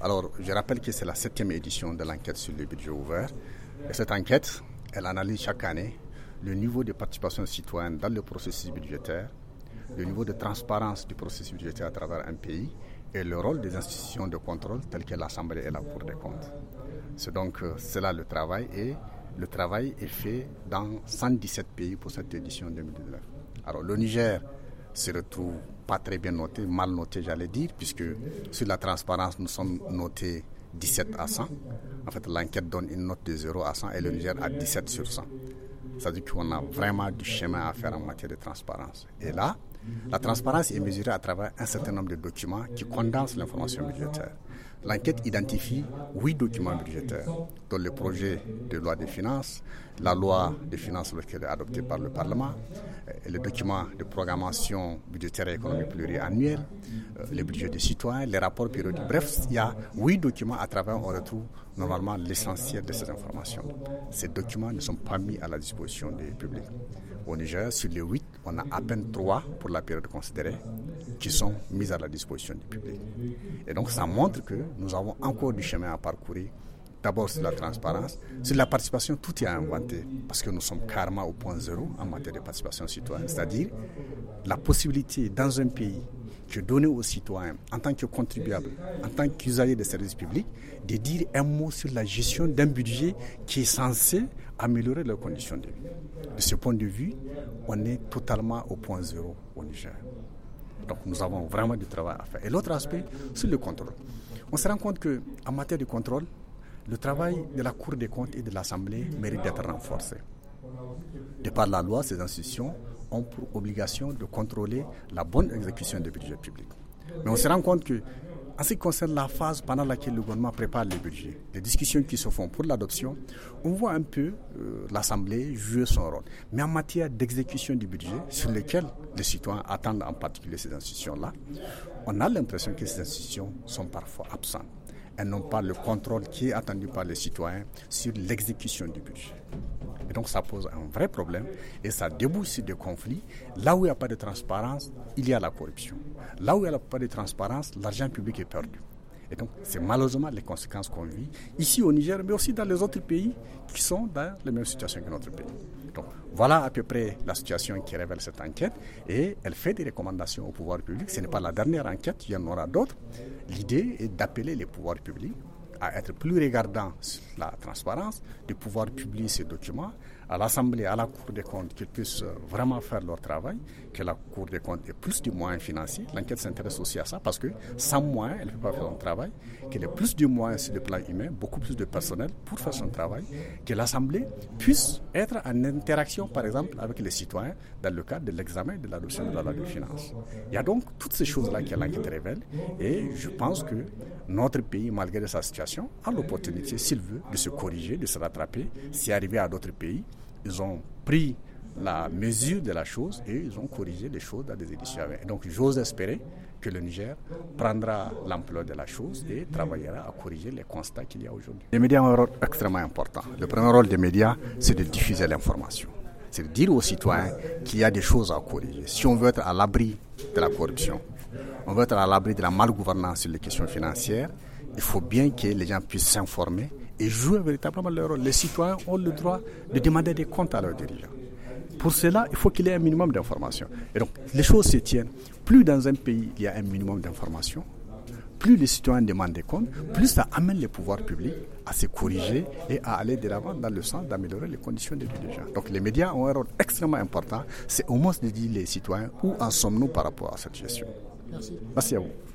Alors, je rappelle que c'est la septième édition de l'enquête sur le budget ouvert. Et cette enquête, elle analyse chaque année le niveau de participation citoyenne dans le processus budgétaire, le niveau de transparence du processus budgétaire à travers un pays et le rôle des institutions de contrôle telles que l'Assemblée et la Cour des comptes. C'est donc euh, cela le travail et le travail est fait dans 117 pays pour cette édition 2019. Alors le Niger se retrouve pas très bien noté, mal noté j'allais dire, puisque sur la transparence, nous sommes notés 17 à 100. En fait, l'enquête donne une note de 0 à 100 et le Niger à 17 sur 100. ça veut dire qu'on a vraiment du chemin à faire en matière de transparence. Et là, la transparence est mesurée à travers un certain nombre de documents qui condensent l'information budgétaire. L'enquête identifie huit documents budgétaires, dont le projet de loi des finances, la loi des finances locales adoptée par le Parlement, euh, le document de programmation budgétaire et économique pluriannuelle, euh, les budgets des citoyens, les rapports périodiques. Bref, il y a huit documents à travers on retrouve normalement l'essentiel de cette informations. Ces documents ne sont pas mis à la disposition du public. Au Niger, sur les huit, on a à peine trois pour la période considérée qui sont mises à la disposition du public. Et donc ça montre que nous avons encore du chemin à parcourir. D'abord sur la transparence, sur la participation, tout est à inventer parce que nous sommes carrément au point zéro en matière de participation citoyenne, c'est-à-dire la possibilité dans un pays que donner aux citoyens, en tant que contribuables, en tant qu'usagers des services publics, de dire un mot sur la gestion d'un budget qui est censé améliorer leurs conditions de vie. De ce point de vue, on est totalement au point zéro au Niger. Donc nous avons vraiment du travail à faire. Et l'autre aspect, c'est le contrôle. On se rend compte qu'en matière de contrôle, le travail de la Cour des comptes et de l'Assemblée mérite d'être renforcé. De par la loi, ces institutions ont pour obligation de contrôler la bonne exécution des budgets publics. Mais on se rend compte que, en ce qui concerne la phase pendant laquelle le gouvernement prépare les budgets, les discussions qui se font pour l'adoption, on voit un peu euh, l'Assemblée jouer son rôle. Mais en matière d'exécution du budget, sur lequel les citoyens attendent en particulier ces institutions-là, on a l'impression que ces institutions sont parfois absentes elles n'ont pas le contrôle qui est attendu par les citoyens sur l'exécution du budget. Et donc ça pose un vrai problème et ça débouche sur des conflits. Là où il n'y a pas de transparence, il y a la corruption. Là où il n'y a pas de transparence, l'argent public est perdu. Et donc c'est malheureusement les conséquences qu'on vit ici au Niger, mais aussi dans les autres pays qui sont dans la même situation que notre pays. Voilà à peu près la situation qui révèle cette enquête et elle fait des recommandations au pouvoir public. Ce n'est pas la dernière enquête, il y en aura d'autres. L'idée est d'appeler les pouvoirs publics à être plus regardants sur la transparence, de pouvoir publier ces documents, à l'Assemblée, à la Cour des comptes, qu'ils puissent euh, vraiment faire leur travail, que la Cour des comptes ait plus de moyens financiers. L'enquête s'intéresse aussi à ça parce que sans moyens, elle ne peut pas faire son travail, qu'elle ait plus de moyens sur le plan humain, beaucoup plus de personnel pour faire son travail, que l'Assemblée puisse être en interaction, par exemple, avec les citoyens dans le cadre de l'examen de l'adoption de la loi de finances. Il y a donc toutes ces choses-là que l'enquête révèle et je pense que notre pays, malgré sa situation, a l'opportunité, s'il veut, de se corriger, de se rattraper, s'y arriver à d'autres pays ils ont pris la mesure de la chose et ils ont corrigé les choses dans des éditions. Donc j'ose espérer que le Niger prendra l'ampleur de la chose et travaillera à corriger les constats qu'il y a aujourd'hui. Les médias ont un rôle extrêmement important. Le premier rôle des médias, c'est de diffuser l'information. C'est de dire aux citoyens qu'il y a des choses à corriger. Si on veut être à l'abri de la corruption, on veut être à l'abri de la malgouvernance sur les questions financières, il faut bien que les gens puissent s'informer et jouer véritablement leur rôle. Les citoyens ont le droit de demander des comptes à leurs dirigeants. Pour cela, il faut qu'il y ait un minimum d'informations. Et donc, les choses se tiennent. Plus dans un pays, il y a un minimum d'informations, plus les citoyens demandent des comptes, plus ça amène les pouvoirs publics à se corriger et à aller de l'avant dans le sens d'améliorer les conditions de vie des gens. Donc les médias ont un rôle extrêmement important. C'est au moins de dire les citoyens où en sommes-nous par rapport à cette gestion. Merci, Merci à vous.